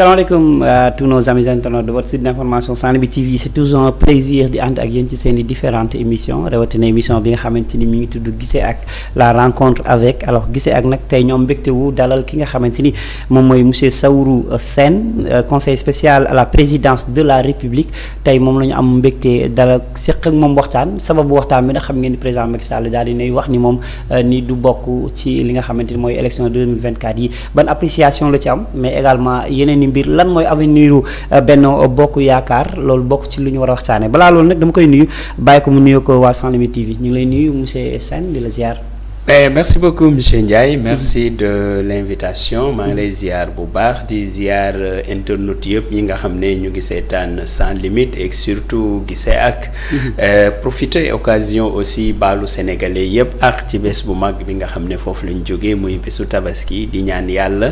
salaamaaleykum à euh, tous nos amis internautes de votre site TV c'est toujours plaisir di ànd ak yéen ci seen i différentes émissions rawatina émission bi nga xamante ni ngi tudd gisee ak la rencontre avec alors gisee ak nag tey ñoom mbégte wu dalal ki nga xamante ni moom mooy monsieur Saourou seen euh, conseil spécial à la présidence de la République tey moom la ñu am mbégte dalal seq ak moom waxtaan sababu waxtaan bi nga xam ngeen ni président Macky Sall daal di nay wax ni moom euh, ni du bokk ci li nga xamante ni mooy élection 2024 yi ban appréciation la ci am biir lan mooy avenir euh, benn Bokk Yaakaar loolu bokk ci lu ñu war a waxtaanee balaa loolu nag dama koy nuyu bàyyi ko mu nuyu ko waa Sans Limites TV ñu ngi lay nuyu monsieur Sène di la ziar. mais eh, merci beaucoup monsieur Ndiaye mm-hmm. merci de l'invitation maa ngi lay mm-hmm. ziar bu baax di ziar euh, internautes yëpp yi nga xam ne ñu ngi seetaan sans limite et surtout gise ak mm-hmm. euh, profité occasion aussi baalu sénégalais yëpp ak ci bés bu mag bi nga xam ne foofu lañ jógee muy bésu tabaski di ñaan yàlla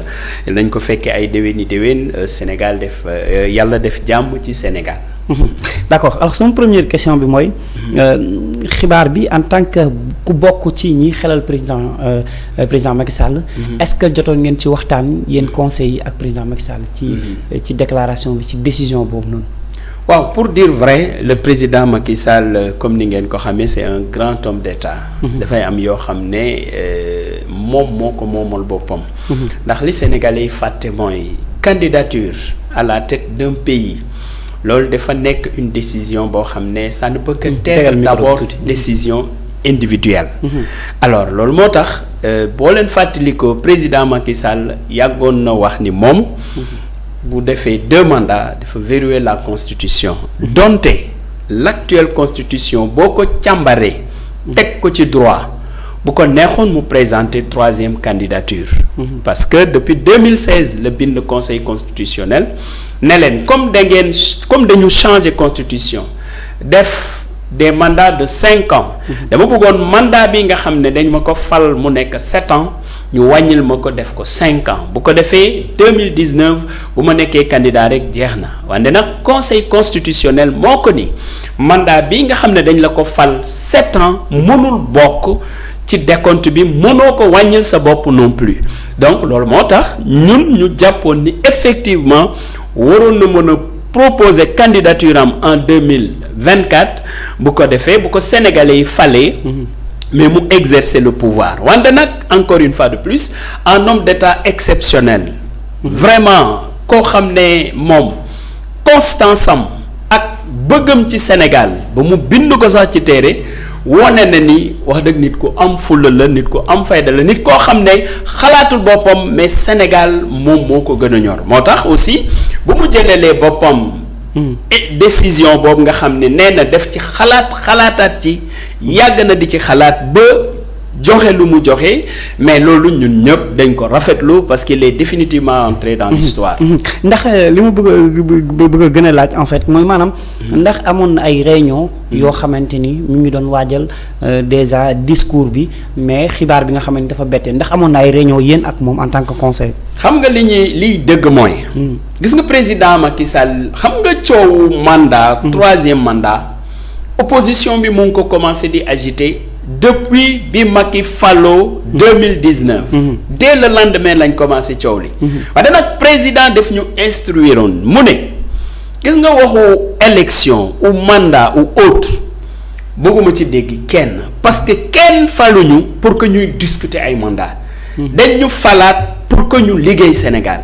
lañ ko fekkee ay déwéni déwén euh, Sénégal def yàlla def jàmm ci Sénégal d'accord alors sama première question bi mooy xibaar bi en tant que ku bokk ci ñi xelal président euh, président Macky Sall. Mm-hmm. est-ce que jotoon ngeen ci waxtaan yéen mm-hmm. conseils yi ak président Macky Sall. ci mm-hmm. ci déclaration bi ci décision boobu noonu. waaw pour dire vrai le président Macky Sall comme ni ngeen ko xamee c'est un grand homme d'État. dafay am yoo xam ne euh, moom moo ko moomal boppam. ndax li Sénégalais fàtte mooy candidature à la tête d'un pays loolu dafa nekk une décision boo xam ne ça ne peut que être d'abord décision individuelle. alors loolu moo tax euh, boo leen fàttalikoo président Macky Sall yàggoon na wax ni moom. bu defee deux mandats dafa verrouiller la constitution. donte l'actuelle constitution boo ko càmbaree. teg ko ci droit bu ko neexoon mu présenter troisième candidature. parce que depuis 2016 la bind conseil constitutionnel ne leen comme da comme dañu changer constitution def. de mandats de cinq ans. Mhm. dama bëggoon mandat bi nga xam ne dañ ma ko fal mu nekk sept ans ñu wàññil ma ko def ko cinq ans bu ko defee deux mille dix neuf bu ma nekkee candidat rek jeex na wante nag conseil constitutionnel moo ko ni mandat bi nga xam ne dañ la ko fal sept ans mënul bokk. ci décompte bi mënoo ko wàññil sa bopp non plus donc loolu moo tax ñun ñu jàppoon ni effectivement waroon na mën proposer candidature am en deux mille vingt quatre bu ko defee bu ko sénégalais yi mais mu exercer le pouvoir wante nag encore une fois de plus un homme d'état exceptionnel. vraiment koo xam ne moom constance am ak bëggam ci Sénégal ba mu bind ko sax ci téere wone na ni wax dëgg nit ku am fulla la nit ku am fayda la nit koo xam ne xalaatul boppam mais Sénégal moom moo ko gën a ñor moo tax aussi. bu mu jëlalee boppam. Hmm. décision boobu nga xam ne nee na def ci xalaat xalaataat ci yàgg na di ci xalaat ba joxe lu mu joxe mais loolu ñun ñëpp dañ ko rafetlu parce qu'il est définitivement entré dans mhm. l'histoire mhm. ndax euh, li mu bëgg a bëgg a gën a laaj en fait mooy maanaam mhm. ndax amoon na ay réunion yoo xamante ni mu ngi doon waajal euh, déjà discours bi mais xibaar bi nga xaman ni dafa bette ndax amoon na ay réunion yéen ak moom en tant que conseil xam nga li ñuy liy dëgg mooy gis nga président Macky Sall xam nga coowu mandat troisième mandat opposition bi mu ngi ko commencé di agiter depuis bi mag faloo Macky falloo 2019 dès le lendemain lañ commencé coow li waaye nag président def ñu instruire woon mu ne gis nga waxu élection ou mandat ou autre bëgguma ci dégg kenn parce que kenn faluñu pour que ñuy discuter ay mandat hmm. dañ ñu falaat pour que ñu liggéey Sénégal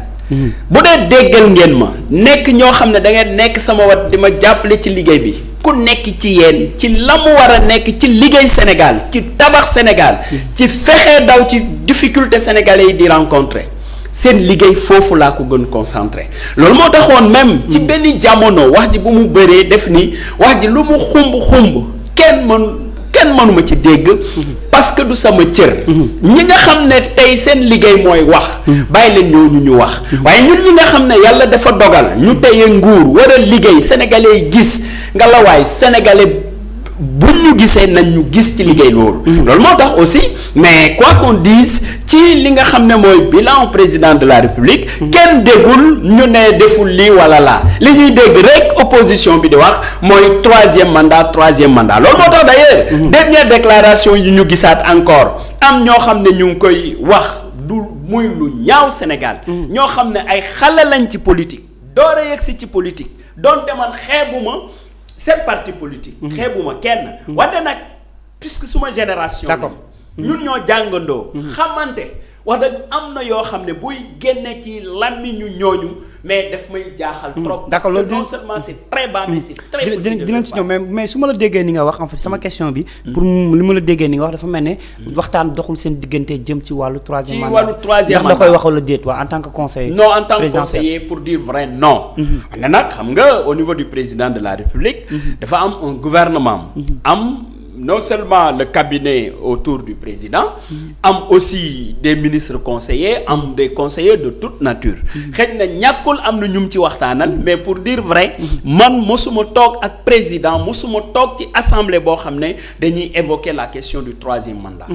bu dee déggal ngeen ma nekk ñoo xam ne da ngeen nekk sama wat di ma jàppale ci liggéey bi ku nekk ci yéen ci la mu war a nekk ci liggéey Sénégal ci tabax Sénégal ci fexe daw ci difficulté sénégalais yi di rencontrer seen liggéey foofu laa ko gën concentré loolu moo taxoon même ci mm. benn jamono wax ji bu mu bëree def ni wax ji lu mu xumb xumb kenn kenn mënuma ci dégg mm-hmm. parce que du sama cër. ñi nga xam ne tey seen liggéey mooy wax. bàyyi leen ñooñu ñu wax. waaye ñun ñi nga xam ne yàlla dafa dogal. ñu teye nguur war a liggéey sénégalais gis ngelawaay la waay bu ñu gisee nañ ñu gis ci liggéey loolu. loolu moo tax aussi mais quoi qu'on dise ci li nga xam ne mooy bilan président de la république mm-hmm. kenn déggul ñu ne deful lii wala laa li ñuy dégg rek opposition bi di wax mooy troisième mandat troisième mandat loolu moo tax d'ailleurs mm-hmm. dernière déclaration yi ñu gisaat encore am ñoo xam ne ñu ngi koy wax du muy lu ñaaw Sénégal mm-hmm. ñoo xam ne ay xale lañ ci politique doora yegsi ci politique doonte man xeebuma seen parti politique xeebuma kenn wante nag puisque suma génération d'accord ñun ñoo jàngandoo. Mm-hmm. Mm-hmm. xamante wax dëgg am na yoo xam ne buy génne ci làmmiñu ñooñu mais daf may jaaxal mm-hmm. trop. d'accord loolu non seulement c'est très bas mais c'est très petit mais mais su ma la déggee ni nga wax en fait sama question bi. pour li ma la déggee ni nga wax dafa mel ne. waxtaan doxul seen diggante jëm ci wàllu troisième mandat. ci wàllu da koy wax wala déet waa en tant que conseiller. non en tant que conseiller pour dire vrai non. ne nag xam nga au niveau du président de la république. dafa am un am. non seulement le cabinet autour du président mm-hmm. am aussi des ministres conseillers am mm-hmm. des conseillers de toute nature mm-hmm. xëy na ñàkkul am na ñu mu ci waxtaanal mais pour dire vrai man mosuma toog ak président mosuma toog ci assemblée boo xam ne dañuy évoquer la question du troisième mandat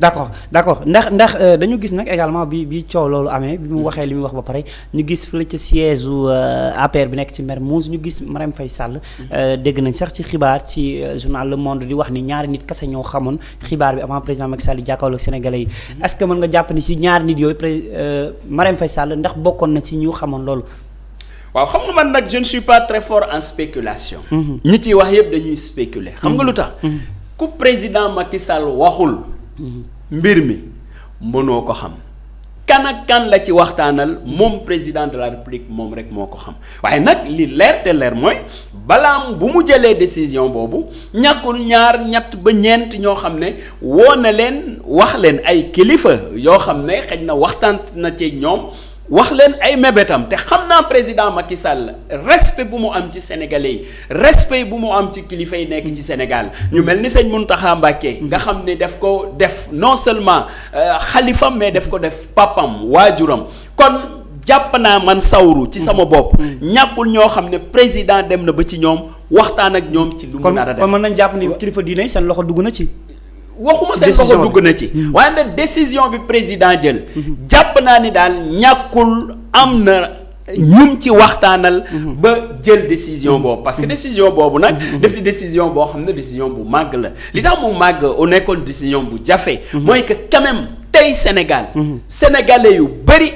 d'accord d'accord ndax ndax euh, dañu gis nag également bi bi coow loolu amee bi mu waxee li muy wax ba pare ñu gis fële ca siège u euh, APR bi nekk ci Mermoz ñu gis Marème fay Sall euh, dégg nañ sax ci xibaar ci journal Le Monde di wax ni ñaari nit kese ñoo xamoon yi que mën nga jàpp ni si ñaari nit yooyu euh, na si ñu xamoon loolu waaw xam nga man nag je ne suis pas très fort en spéculation mhm. wax yëpp dañuy spéculer xam nga lu mhm. tax mhm. ku président Macky Sall waxul mbir mi mënoo ko xam kan kan la ci waxtaanal moom président de la république moom rek moo ko xam waaye nag li leer te leer mooy balaam bu mu jëlee décision boobu ñàkkul ñaar ñett ba ñeent ñoo xam ne woo na leen wax leen ay kilifa yoo xam ne xëj na waxtaan na ci ñoom wax leen ay mébétam te xam naa président Macky Sall respect bu mu am ci sénégalais yi bu mu am ci kilifa yi nekk ci Sénégal ñu mel ni sëñ Mountakha Mbacké nga xam ni daf ko def non seulement euh, xalifam mais daf ko def papam waajuram kon jàpp naa man sawru ci sama bopp. Mm. Mm. ñàkkul ñoo xam ne président dem na ba ci ñoom waxtaan ak ñoom ci. lu a def kon kon mën nañ jàpp ni kilifa diine seen loxo dugg na ci. waxuma seen loxo dugg na ci. Hmm. waaye nag décision bi président jël. Hmm. jàpp naa ni daal ñàkkul am na ñum ci waxtaanal. Hmm. ba jël décision boobu. parce que décision boobu nag. def di décision boo xam ne décision bu màgg la li tax mu màgg au nekkoon décision bu jafe. mooy que quand tey Sénégal. sénégalais yu bëri.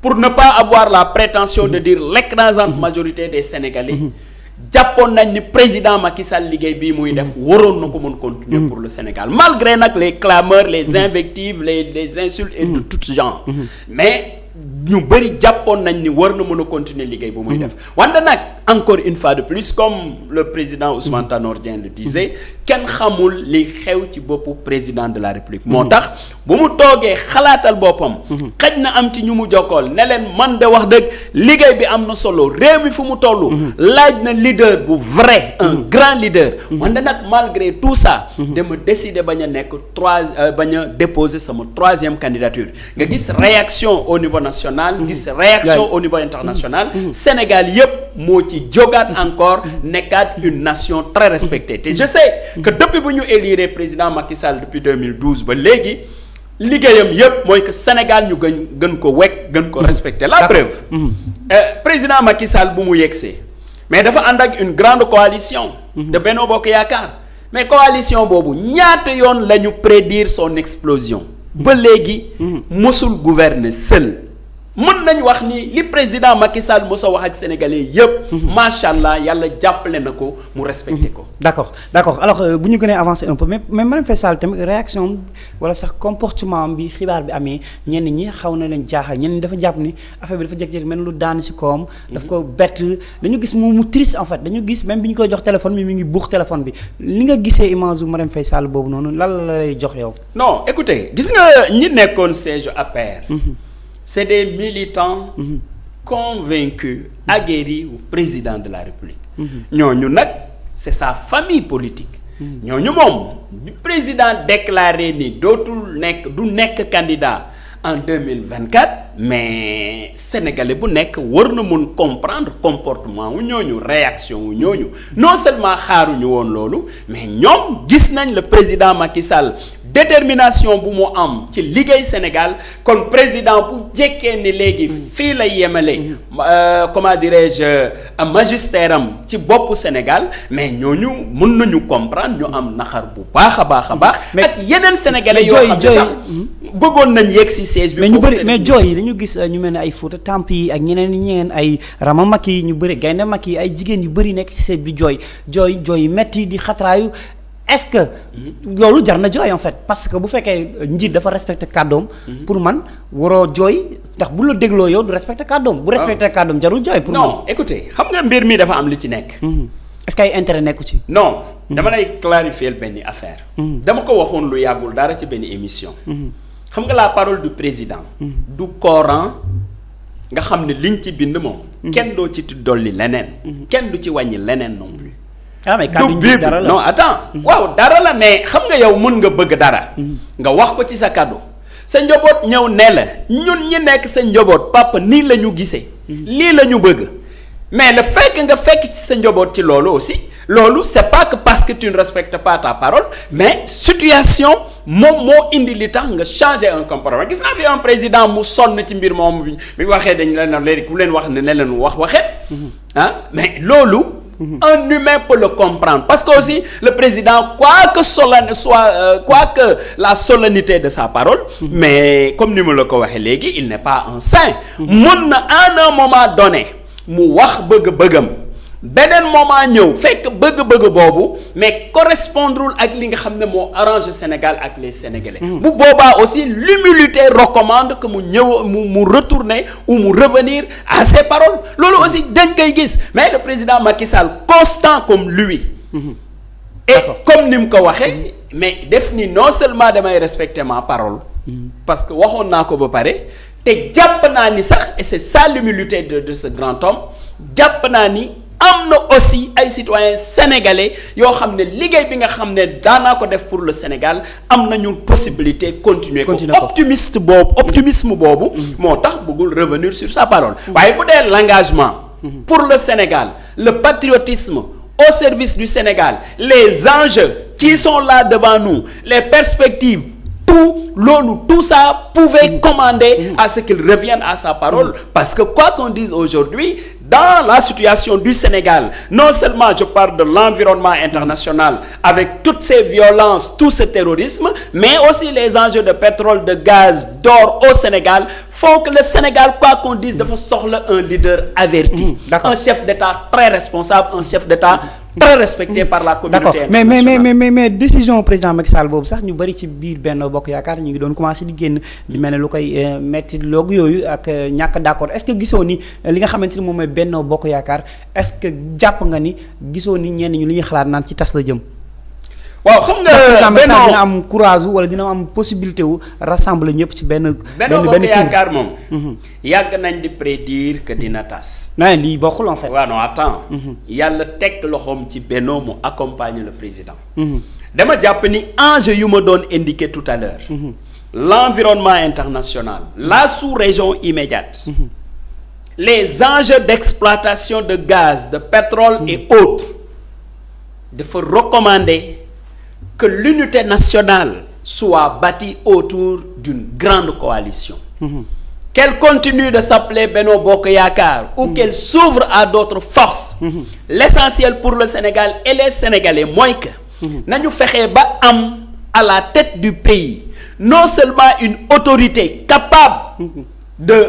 pour ne pas avoir la prétention de dire l'écrasante majorité des sénégalais. jàppoon nañ ni président Macky Sall liggéey bii muy def waroon na ko mën continuer mm-hmm. pour le Sénégal malgré nag les clameurs les mm-hmm. invectives les les insultes et de mm-hmm. tout genre mais ñu bëri jàppoon nañ ni war na mën a continuer liggéey bu muy mm. def wante nag encore une fois de plus comme le président Ousmane Tanor le disait kenn xamul li xew ci boppu président de la République moo mm-hmm. tax bu mu toogee xalaatal boppam mm-hmm. xaj na am ci ñu mu jokkool ne leen man de wax dëgg liggéey bi am na solo réew mi fu mu toll mm-hmm. laaj na leader bu vrai un grand leader wante nag malgré tout ça ma décider bañ a nekk trois euh, bañ a déposer sama troisième candidature nga gis réaction au niveau national mm-hmm. gis réaction au niveau international mm-hmm. Mm-hmm. Sénégal yëpp moo ci jógaat encore nekkaat une nation très respectée te je sais que depuis bu ñu élire président Macky Sall depuis ba léegi liggéeyam yëpp mooy que Sénégal ñu gën gën ko wekk gën ko respecter la preuve euh, président Macky Sall bu mu yegsee mais dafa ànd ak une grande coalition de Benno Bokk Yaakaar mais coalition boobu ñaata yoon la ñu prédire son explosion ba léegi mosul gouverner seul mën nañ wax ni li président Macky Sall mos a wax ak sénégalais yëpp. macha mhm. allah yàlla jàppale na ko mu respecté mhm. ko. d' accord d' accord alors euh, bu ñu gënee avancer un peu mais mais Marième Faye Sall tamit réaction am wala sax comportement bi xibaar bi amee ñenn ñi xaw na leen jaaxal ñenn ñi dafa jàpp ni affaire bi dafa jékki-jékki mel lu daan si koom. daf mhm. ko bett dañu gis mu mu triste en fait dañu gis même bi ñu koy jox téléphone bi mi ngi buux téléphone bi li nga gisee image bu Marième Faye Sall boobu noonu lan la lay jox yow. non écoutez gis nga ñi nekkoon siège APR. c'est des militants mmh. convaincus mhm. aguerris au président de la République mhm. ñu nag c'est sa famille politique mhm. ñoo ñu moom bi président déclaré ni dootul nekk du nekk candidat en 2024 mais sénégalais bu nekk war na mën comprendre comportement wu ñooñu réaction wu ñooñu non seulement xaaruñu woon loolu mais ñoom gis nañ le président Macky Sall détermination bu mu am ci liggéey Sénégal kon président bu jekkee ni léegi mm. fii lay yemale mm-hmm. euh, comment dirais-je euh, magistère am ci boppu Sénégal mais ñu mun nañu comprendre ñu am naxar bu baax a baax a baax ak yeneen sénégalais yoo xam ne sax mm-hmm. bëggoon nañ yegg si siège bi foofu mais jooy yi dañu gis euh, ñu mel ne ay Fouta Tampi ak ñeneen ñeneen ay Rama yi ñu bëri Gaynde yi ay jigéen yu bëri nekk ci siège bi jooy jooy jooy metti di xatraayu est-ce que loolu jar na jooy en fait parce que bu fekkee euh, njiit dafa respecté kàddoom mhm. pour man waroo jooy ndax bu la dégloo yow du respecté kàddoom bu ah. respecté kàddoom jarul jooy pour man non écoutez xam nga mbir mi dafa am li ci nekk mhm. est-ce que ay nekku ci non mhm. dama lay clarifier benn affaire dama ko waxoon lu yàggul dara ci benn émission xam nga laa parole du président du Coran nga xam ne liñ ci bind moom kenn doo ci dolli leneen kenn du ci wàññi leneen non ah mais bi dara la non attends mhm. waaw dara la mais xam nga yow mun nga bëgg dara. Mhm. nga wax ko ci sa kaddu sa njaboot ñëw ne la ñun ñi nekk sa njaboot papa nii la ñu gisee. Mhm. lii la ñu bëgg. mais le fekk nga fekk ci sa njaboot ci loolu aussi loolu c'est pas que que tu ne respectes pas ta parole mais situation moom moo indi li tax nga changer un comportement gis naa fi un président mu sonn ci mbir moom bi waxee dañ leen léegi ku leen wax ne ne leen wax waxee. Ah, mais loolu. Mm-hmm. un humain peut le comprendre parce que aussi le président quoi que solennité soit euh, quoi que la solennité de sa parole mm-hmm. mais comme ni mu la ko waxee léegi il n'est pas un saint. Mm-hmm. mun na en un moment donné mu wax bëgg-bëggam beneen moment ñëw fekk bëgg-bëgg boobu mais correspondrul ak li nga xam ne moo arrange Sénégal ak les Sénégalais. Hmm. bu boobaa aussi l'humilité recommande que mu ñëw mu mu retourner ou mu revenir à ses paroles loolu aussi dañ koy gis mais le président Macky Sall constant comme lui. Hmm. et comme ni mu ko waxee. Hmm. mais def ni non seulement damay respecter ma parole. parce que waxoon naa ko ba pare. te jàpp naa ni sax et c'est ça l'humilité de de ce grand homme jàpp naa ni. am na aussi ay citoyens sénégalais yoo xam ne liggéey bi nga xam ne daanaa ko def pour le Sénégal am na ñu possibilité continuer ko optimiste boobu optimisme boobu mm-hmm. moo tax bëggul revenir sur sa parole waaye bu dee l'engagement mm-hmm. pour le Sénégal le patriotisme au service du Sénégal les enjeux qui sont là devant nous les perspectives tout loolu tout ça pouvait mm-hmm. commander à ce qu'il revienne à sa parole parce que quoi qu'on dise aujourd'hui dans la situation du Sénégal non seulement je parle de l'environnement international avec toutes ces violences tout ce terrorisme mais aussi les enjeux de pétrole de gaz d'or au Sénégal font que le Sénégal quoi qu'on dise dafa soxla un leader averti mmh, un chef d'État très responsable un chef d'État mmh. très respecté par la communauté internationale mais mais mais mais mais décision président Macky Sall boobu sax ñu bëri ci biir Benno Bokk Yaakaar ñu ngi doon commencé di génn di mel ne lu koy eh, metti loog yooyu ak eh, ñàkk d'accord est-ce que gisoo ni eh, li nga xamante ni moom mooy Benno Bokk Yaakaar est-ce que jàpp nga ni gisoo ni ñenn ñu lu ñuy xalaat naan ci tas la jëm. waaw xam nga dina am courage wala dina am possibilité wu rassembler ñëpp ci benn. benn benn kii yaakaar moom. Mhm. yàgg nañ di prédire que dina tas. naa lii bokkul en fait. waaw mhm. yàlla teg loxoom ci Benno mu accompagne le président. Mhm. dama jàpp ni enjeu yu ma doon indiqué tout à l'heure l'environnement international. la sous-région immédiate. les enjeux d'exploitation de gaz de pétrole et autres dafa recommander. que l'unité nationale soit bâtie autour d'une grande coalition. Mmh. Qu'elle continue de s'appeler Benno Bokk yaakaar ou mmh. qu'elle s'ouvre à d'autres forces. Mmh. L'essentiel pour le Sénégal et les Sénégalais mooy que mm-hmm. nañu fexe ba am à la tête du pays non seulement une autorité capable mm-hmm. de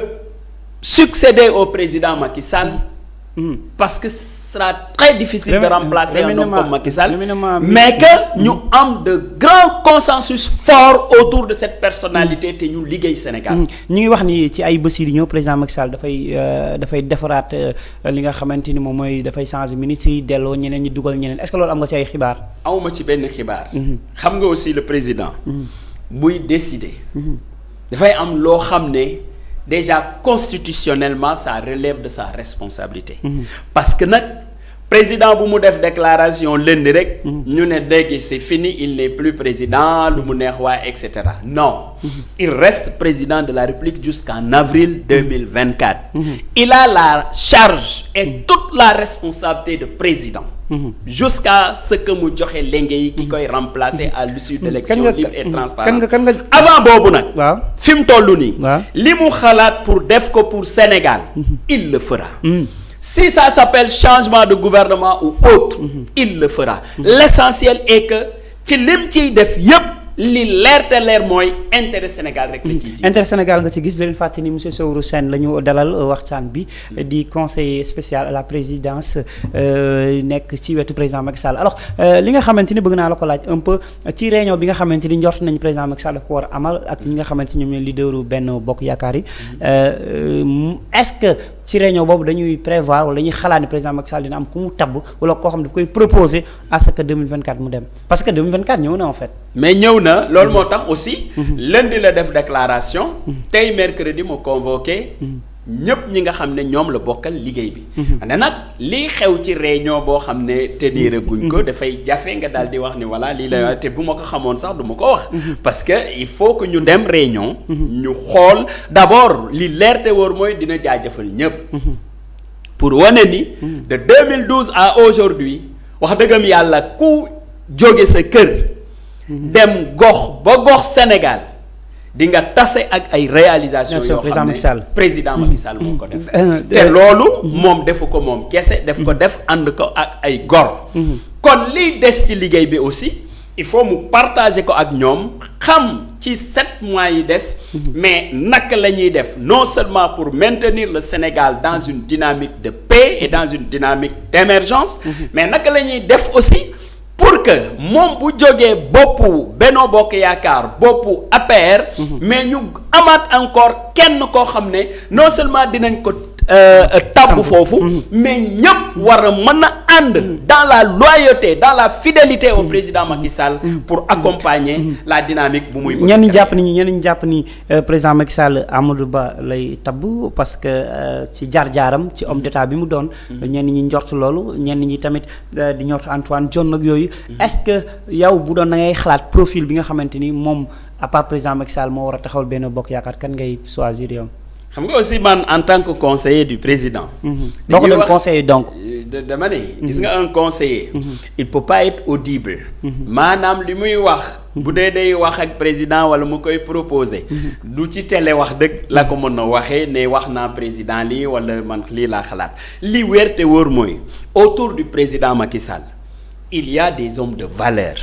succéder au président Macky mm-hmm. parce que sera très difficile de remplacer un homme comme Macky mais que ñu am de grands consensus forts autour de cette personnalité te ñu liggéey Sénégal mm. ñu ngi wax ni ci ay bés yi di ñëw président Macky Sall dafay euh, dafay defaraat euh, li nga xamante ni moom mooy dafay changer ministre yi delloo ñeneen ñi dugal ñeneen est-ce que loolu am nga ci ay xibaar awma ci benn xibaar mm-hmm. xam nga aussi le président mm-hmm. buy décider mm-hmm. dafay am loo xam ne déjà constitutionnellement ça relève de sa responsabilité président bu mu def déclaration lundi rek. Mhm. ñu ne léegi c'est fini il n'est plus président lu mu neex waaye et cetera non. Mhm. il reste président de la République jusqu'en avril mhm. deux mille vingt quatre. il a la charge et toute la responsabilité de président. jusqu'à ce que mu joxe lenge yi ki koy remplacer à l'issue d'élection libre et transparente kan nga avant boobu nag waaw fi mu toll nii li mu xalaat pour def ko pour Sénégal il le fera si ça s'appelle changement de gouvernement ou autre il le fera l'essentiel est que ci lim ciy def yépp li leer te leer mooy intérêt Sénégal rek la ciy intérêt Sénégal nga ci gis da leen fàtte ni monsieur la ñu dalal euh, waxtaan bi mm. di conseiller spécial à la présidence euh, nekk ci wetu président Macky Sall alors euh, li nga xamante ni bëgg naa la ko laaj un peu ci réunion bi nga xamante ni njort nañu président Macky Sall daf ko war amal ak ñi nga xamante ni ñoom ñooy leaderu benn bokk yaakaar yi mm. est ci réunion boobu dañuy prévoir wala dañuy xalaat ne président Macky Sall dina am ku mu tabb wala koo xam daf koy proposer à ce que 2024 mu dem parce que 2024 ñëw na en fait. mais ñëw na loolu moo tax aussi. Mm-hmm. di la def déclaration. Mm-hmm. tey mercredi mu convoqué. Mm-hmm. ñëpp ñi nga xam ne ñoom la bokkal liggéey bi. Mhm. ne nag lii xew ci réunion boo xam ne te diire guñ ko mhm. dafay jafe nga daal di wax ni voilà lii la mhm. te bu ma ko xamoon sax du ma ko wax. parce que il faut que ñu dem réunion. ñu xool d'abord li leer te wóor mooy dina jaajëfal ñëpp. pour wane ni. de 2012 à aujourd'hui wax dëggam yàlla ku jóge sa kër. dem gox ba gox Sénégal. di nga tase ak ay réalisation yoo xam ne président Macky Sall moo ko def euh, euh, te euh, loolu moom defu ko moom kese def ko mm-hmm. def ànd ko ak ay gor mm-hmm. kon liy des ci liggéey bi aussi il faut mu partager ko ak ñoom xam ci sept mois yi des mm-hmm. mais naka la ñuy def non seulement pour maintenir le Sénégal dans une dynamique de paix et dans une dynamique d'émergence mais naka la ñuy def aussi pour que moom bu jógee boppu Benno Bokk Yaakaar boppu APR. Mhm. mais ñu amaat encore kenn koo xam ne non seulement dinañ ko. Euh, tàggu foofu mhm. mais ñëpp war a mën na ànd mhm. dans la loyauté dans la fidélité au mhm. président Macky Sall pour accompagner la dynamique bu muy ñenn ñi jàpp ni ñenn ñi jàpp ni euh, président Macky Sall Ba lay tabb parce que euh, ci jaar-jaaram ci homme d'état bi mu doon ñenn ñi njort loolu ñenn ñi tamit di njort Antoine John nag yooyu est-ce que yow bu doon da xalaat profil bi nga xamante ni moom à part président Macky moo war a taxawal benn bokk yaakaar kan ngay choisir yow xam nga aussi man en tant que conseiller du président. Mhm. doo ko doon conseiller donc. Euh, dama ne. gis mhm. nga en conseiller. Mhm. il peut pas être audible. maanaam li muy wax. bu dee day wax ak président wala mu koy proposer. lu ci télé wax dëgg la ko mën a waxee ne wax naa président lii wala man lii laa xalaat li wér te wóor mooy autour du président Macky Sall. il y des hommes de valeur.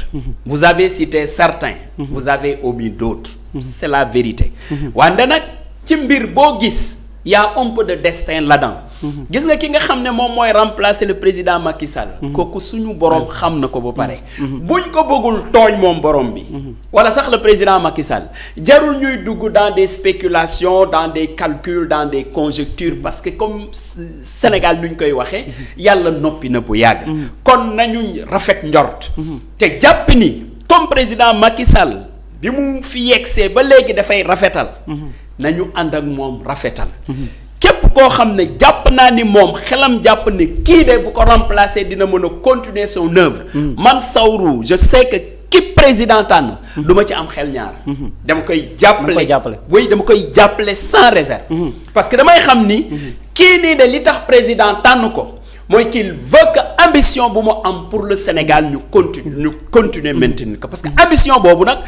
vous avez cité certains. vous avez omis d'autres. c'est la vérité. wante nag. ci mbir boo gis y a un de destin là-dedans. gis nga ki nga xam ne moom mooy remplacer le président Macky Sall. kooku suñu borom xam na ko ba pare. buñ ko bëggul tooñ moom borom bi. wala sax la président Macky Sall jarul ñuy dugg dans des spéculations dans des calculs dans des conjectures parce que comme Sénégal ñu koy waxee. yàlla noppi na bu yàgg. kon nañu rafet njort. te jàpp ni comme président Macky bi mu fi yegsee ba léegi dafay rafetal. nañu ànd ak moom rafetal. Mhm. képp koo xam ne jàpp naa ni moom xelam jàpp ne kii de bu ko remplacer dina mën a continuer son mhm. man Saourou je sais que ki président tànn. Mhm. duma ci am xel ñaar. dama koy jàpp dama koy jàppale. oui dama koy jàppale sans réserve. parce que damay xam ni. kii nii de li tax président tànn ko. mooy qu'il veut que ambition bu mu am pour le Sénégal ñu continue ñu continuer maintenir ko parce que ambition boobu nag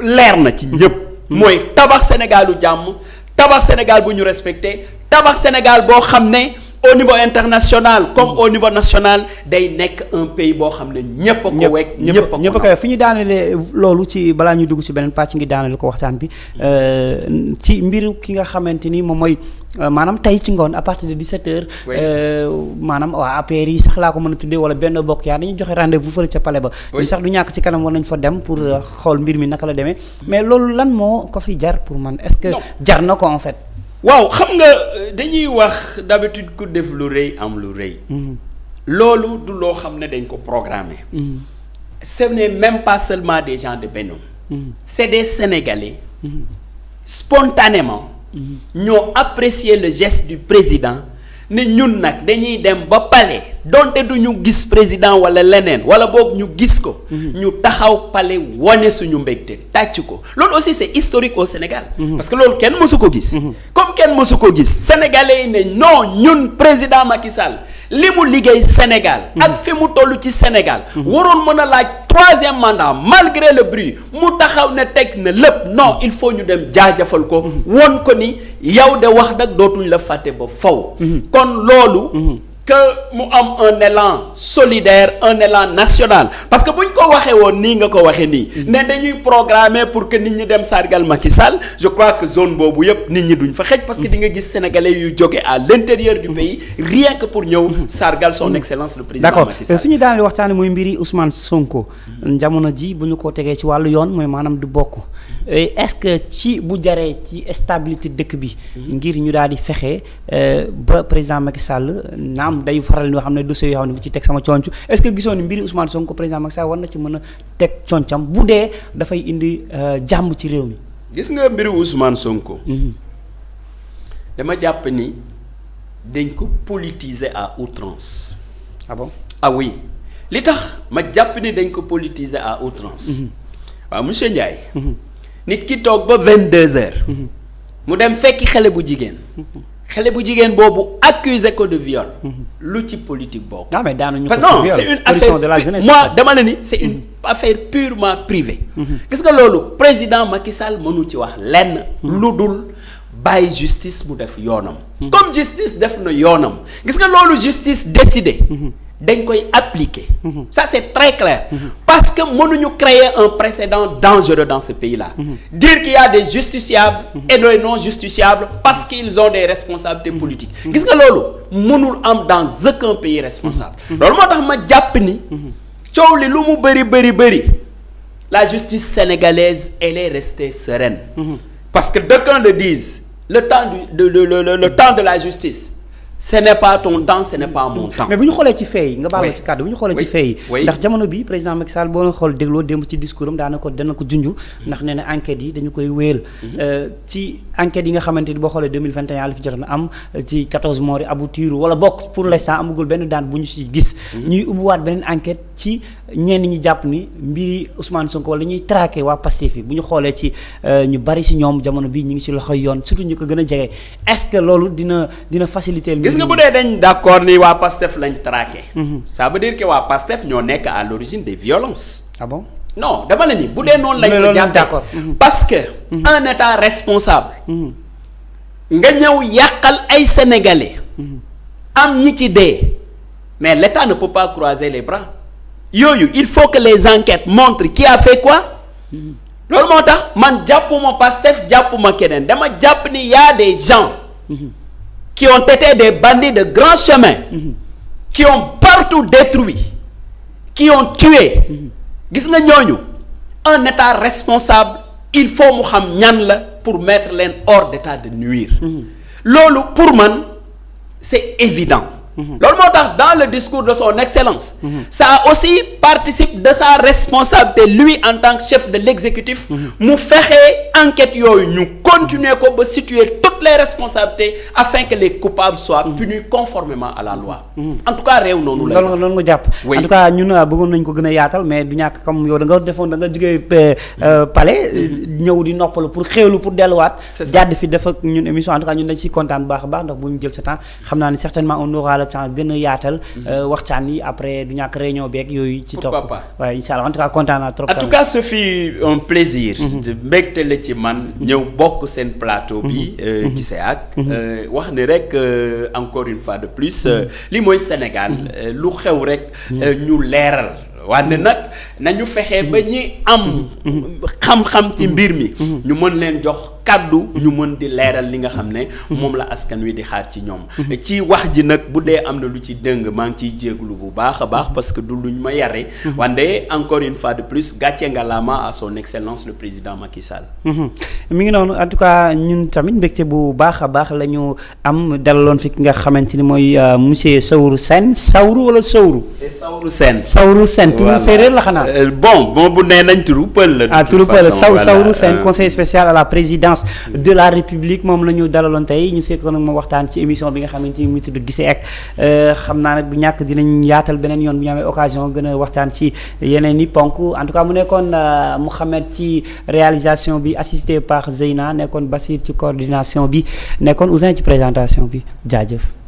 leer na ci ñëpp. mooy tabax Sénégalu jàmm tabax Sénégal bu ñu respecté tabax Sénégal boo xam ne au niveau international comme au niveau national day nekk un pays boo xam ne ñëpp a ko wekk ñëpp ko koy fi ñu daanalee loolu ci balaa ñu dugg ci benn pàcc ngi daanale ko waxtaan bi euh, ci mbiru ki nga xamante ni moom mooy euh, maanaam tey ci ngoon à partir de 17h. Euh, maanaam waa APR yi sax laa ko mën a tuddee wala benn bokk yaa dañuy joxe rendez-vous fële ca palais ba. ñu sax du ñàkk ci kanam war nañ fa dem pour xool mbir mi naka la demee mais loolu lan moo ko fi jar pour man est-ce que jar na ko en fait. waaw xam nga dañuy wax d'habitude ku def lu rëy am lu rëy. Mm-hmm. loolu du loo xam ne dañ ko programmé. Mm-hmm. ce n'est même pas seulement des gens de Benno. Mm-hmm. c'est des Sénégalais. spontanément. ñoo apprécier le geste du président ne ñun nag dañuy dem ba palais donte du ñu gis président wala leneen wala boobu ñu gis ko. ñu taxaw palais wane suñu mbégte tàcc ko loolu aussi c'est historique au Sénégal. parce que loolu kenn mësu ko gis. kenn mësu ko gis sénégalais ne non ñun président Macky Sall li mu liggéey Sénégal. Mm. ak fi mu toll ci Sénégal. Mm. waroon mën a laaj troisième mandat malgré le bruit mu taxaw ne teg na lépp non il faut ñu dem jaajafal ko. Mm. woon ko ni yow de wax nag dootuñ la fàtte ba fow kon loolu. que mu am un élan solidaire un élan national parce que bu ñu ko waxee woon nii nga ko waxee nii. ne mm-hmm. dañuy programmer pour que nit ñi dem sargal Macky Sall je crois que zone boobu yëpp nit ñi duñ fa xëj. parce que mm-hmm. di nga gis sénégalais yu jóge à l' intérieur du pays mm-hmm. rien que pour ñëw sargal son excellence le président Macky Sall. d' accord fi ñu daaneel waxtaanee mooy mbiri Ousmane Sonko. jamono ji bu ñu ko tegee ci wàllu yoon mooy maanaam du bokk. est ce ci bu jaree ci stabilité dëkk bi. ngir ñu daal di fexe euh, ba président Macky Sall am day faral yoo xam ne dossier yoo xam ne bu ci teg sama conc est-ce que gisoon ni mbiri Ousmane Sonko président Macky Sall war na ci mën a teg concam bu dee dafay indi euh, jàmm ci réew mi gis nga mbiru Ousmane Sonko mhm. dama jàpp ni dañ ko politiser à outrance ah bon ah li tax ma jàpp ni dañ ko politiser à outrance mhm. waaw monsieur Ndiaye mhm. nit ki toog ba vingt deux heures mu dem fekki xale bu jigéen xale bu jigéen boobu accusé ko de viol. Mhm. lu ci politique boobu. non mais daanuñu ko non c'est une affaire de la jeunesse moi dama la ni c'est une mhm. affaire purement privée. Mhm. gis nga loolu président Macky Sall mënu ci wax lenn. lu dul bàyyi justice mu def yoonam. comme justice def na yoonam gis nga loolu justice décidé. dañ koy appliquer. Mhm. ça c'est très clair. Mhm. parce que mënuñu créer un précédent dangereux dans ce pays-là. Mhm. dire qu'il y a des justiciables. et des non justiciables parce qu'ils ont des responsabilités politiques. gis nga loolu mënul am dans aucun pays responsable. loolu moo tax ma jàpp ni. coow li lu mu bëri bëri bëri. la justice sénégalaise elle est restée sereine. parce que d'aucuns le disent le temps du le le le temps de la justice. ce n'est pas ton temps ce n'est temps. mais bu ñu xoolee ci fee yi nga baal ma ci kàddu bu ñu xoolee ci fee yi ndax jamono bi président Macky boo na dégloo démb ci discours am daana ko dana ko junj ndax nee na enquêtes yi dañu koy wéyal mhm. euh, ci enquêtes yi nga xamante ni boo xoolee 2021 la fi jotoon am euh, ci 14 morts yi aboutir wala bokk pour l'instant amagul benn daan bu ñu ci gis mhm. ñuy ubbiwaat beneen enquête ci ñenn ñi jàpp ni mbiri Ousmane Sonko wala ñuy traqué waa Pastef yi bu ñu xoolee ci euh, ñu bari si ñoom jamono bii ñu ngi ci loxo yoon surtout ñu ko gën a jege est-ce que loolu dina dina faciliter. gis nga bu dee dañ d'accord ni waa Pastef lañ traqué. Mhm. ça veut dire que waa Pastef ñoo nekk à l'origine des violences. ah bon non dama la ni bu dee noonu lañ ko jàppee d'accord mhm. parce que. Mhm. un état responsable. nga ñëw yàqal ay sénégalais. am ñi ci dee mais l'état ne peut pas croiser les bras. yooyu il faut que les enquêtes montrent qui a quoi hmm. loolu moo tax man jàppuma Pastef jàppuma keneen dama jàpp ni y a des gens hmm. qui ont été des bandits de grand chemin hmm. qui ont partout détruit qui ont tué gis nga ñooñu un état responsable il faut mu xam ñan la pour mettre leen hors d'état de nuire loolu pour man c'est évident Mhm. loolu moo tax dans le discours de son excellence mhm. ça aussi participe de sa responsabilité lui en tant que chef de l'exécutif mhm. mu fexe enquête yooyu ñu continuer ko ba situer toutes les responsabilités afin que les coupables soient punis conformément à la loi. en tout noonu la. loolu nga jàpp. en tout cas ah, bëggoon nañ ko gën a yaatal mais du ñàkk comme yow da nga defoon da nga jugee euh, euh, mm-hmm. euh, ñëw di noppalu pour xéewlu pour delluwaat. jàdd fi def ak ñun émission en tout cas ñun dañ siy kontaan bu baax a bu ñu jël sa temps xam naa ne certainement on aura le gën a yaatal. Mm-hmm. waxtaan yi après du ñàkk réunion beeg yooyu. ci topp waaw incha allah en tout cas mm-hmm. la ci man ñëw bokk seen plateau gisee mhm. mhm. euh, ak wax ni rek euh, encore une fois de plus euh, mhm. li mooy Sénégal lu xew rek ñu leeral wanne nag nañu fexee ba ñi am xam-xam ci mbir mi ñu mën leen jox kàddu ñu mën di leeral li nga xam ne moom la askan wi di xaar ci ñoom ci wax ji nag bu dee am na lu ci dëng maa ngi ciy jéeglu bu baax a baax parce que du luñ ma yare wande encore de plus gàcce nga laama à son le président Macky Sall mmh. mi ngi noonu en tout cas ñun tamit mbégte bu baax a baax la ñu am dalaloon fi ki nga xamante ni mooy euh, monsieur Saourou Sène Saourou wala Saourou c'est Saourou Sène turu séeréer la xanaa. Euh, bon bon bu nee nañ turu pël la. ah saw sawru seen euh. conseil spécial à la présidence de la république moom la ñu dalaloon tey ñu seetlu nag ma waxtaan ci émission bi nga xamante ni mu tudd gisee euh, ak xam naa nag bu ñàkk dinañ yaatal beneen yoon bu ñu occasion gën a waxtaan ci yeneen i ponk en tout cas mu nekkoon Mouhamed ci réalisation bi assisté par Zeyna nekkoon Basir ci coordination bi nekkoon Ousin ci présentation bi jaajëf.